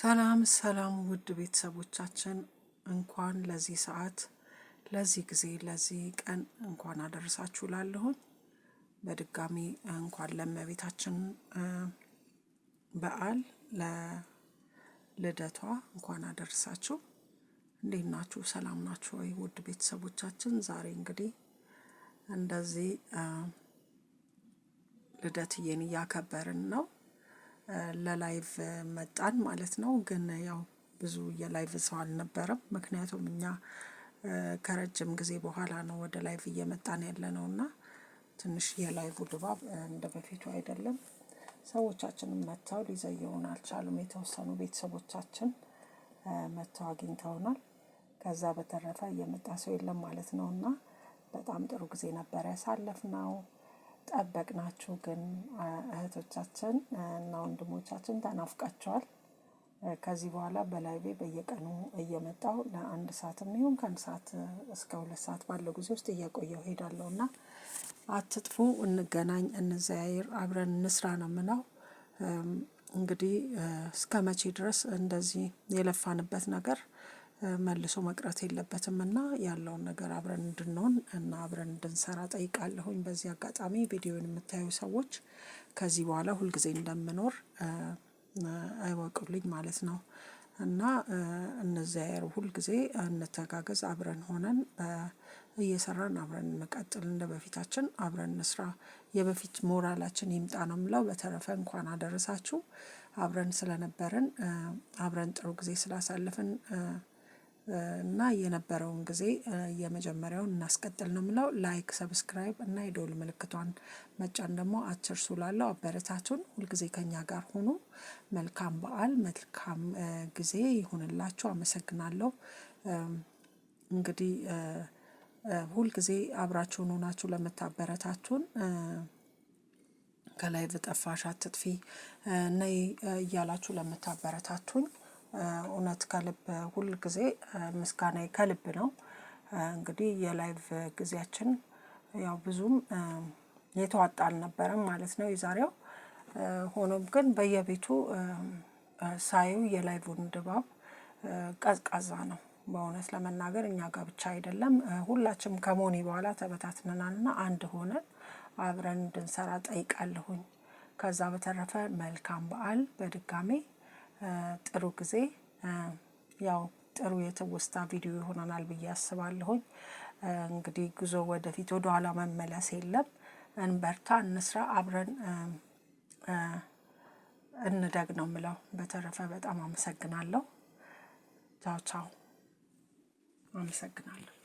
ሰላም ሰላም ውድ ቤተሰቦቻችን እንኳን ለዚህ ሰዓት፣ ለዚህ ጊዜ፣ ለዚህ ቀን እንኳን አደረሳችሁ ላለሁን በድጋሚ እንኳን ለእመቤታችን በዓል ለልደቷ እንኳን አደረሳችሁ። እንዴት ናችሁ? ሰላም ናችሁ ወይ? ውድ ቤተሰቦቻችን ዛሬ እንግዲህ እንደዚህ ልደትዬን እያከበርን ነው። ለላይቭ መጣን ማለት ነው። ግን ያው ብዙ የላይቭ ሰው አልነበረም፣ ምክንያቱም እኛ ከረጅም ጊዜ በኋላ ነው ወደ ላይቭ እየመጣን ያለ ነው እና ትንሽ የላይቭ ድባብ እንደ በፊቱ አይደለም። ሰዎቻችንም መጥተው ሊዘየውን አልቻሉም። የተወሰኑ ቤተሰቦቻችን መጥተው አግኝተውናል። ከዛ በተረፈ እየመጣ ሰው የለም ማለት ነው እና በጣም ጥሩ ጊዜ ነበር ነው። ጠበቅ ጠበቅናችሁ ግን እህቶቻችን እና ወንድሞቻችን ተናፍቃቸዋል። ከዚህ በኋላ በላይቤ በየቀኑ እየመጣው ለአንድ ሰዓት የሚሆን ከአንድ ሰዓት እስከ ሁለት ሰዓት ባለው ጊዜ ውስጥ እየቆየው ሄዳለሁ እና አትጥፉ፣ እንገናኝ፣ እንዘያይር፣ አብረን እንስራ ነው ምለው። እንግዲህ እስከ መቼ ድረስ እንደዚህ የለፋንበት ነገር መልሶ መቅረት የለበትም እና ያለውን ነገር አብረን እንድንሆን እና አብረን እንድንሰራ ጠይቃለሁኝ። በዚህ አጋጣሚ ቪዲዮን የምታዩ ሰዎች ከዚህ በኋላ ሁልጊዜ እንደምኖር አይወቁልኝ ማለት ነው እና እነዚያ ያሩ ሁልጊዜ እንተጋገዝ፣ አብረን ሆነን እየሰራን አብረን እንቀጥል፣ እንደ በፊታችን አብረን እንስራ፣ የበፊት ሞራላችን ይምጣ ነው ምለው። በተረፈ እንኳን አደረሳችሁ። አብረን ስለነበርን አብረን ጥሩ ጊዜ ስላሳለፍን እና የነበረውን ጊዜ የመጀመሪያውን እናስቀጥል ነው የምለው። ላይክ፣ ሰብስክራይብ እና የደወል ምልክቷን መጫን ደግሞ አትርሱ እላለሁ። አበረታቱን። ሁልጊዜ ከኛ ጋር ሆኑ። መልካም በዓል፣ መልካም ጊዜ ይሁንላችሁ። አመሰግናለሁ። እንግዲህ ሁልጊዜ አብራችሁን ሆናችሁ ለምታበረታቱን ከላይ ብጠፋሽ አትጥፊ ነይ እያላችሁ ለምታበረታቱኝ እውነት ከልብ ሁል ጊዜ ምስጋና ከልብ ነው። እንግዲህ የላይቭ ጊዜያችን ያው ብዙም የተዋጣ አልነበረም ማለት ነው የዛሬው። ሆኖም ግን በየቤቱ ሳየው የላይቭን ድባብ ቀዝቃዛ ነው በእውነት ለመናገር እኛ ጋር ብቻ አይደለም ሁላችንም ከሞኒ በኋላ ተበታትነናል ና አንድ ሆነን አብረን እንድንሰራ ጠይቃለሁኝ። ከዛ በተረፈ መልካም በዓል በድጋሜ። ጥሩ ጊዜ ያው ጥሩ የትውስታ ቪዲዮ ይሆነናል ብዬ አስባለሁኝ። እንግዲህ ጉዞ ወደፊት ወደኋላ መመለስ የለም። እንበርታ፣ እንስራ፣ አብረን እንደግ ነው ምለው በተረፈ በጣም አመሰግናለሁ። ቻው ቻው። አመሰግናለሁ።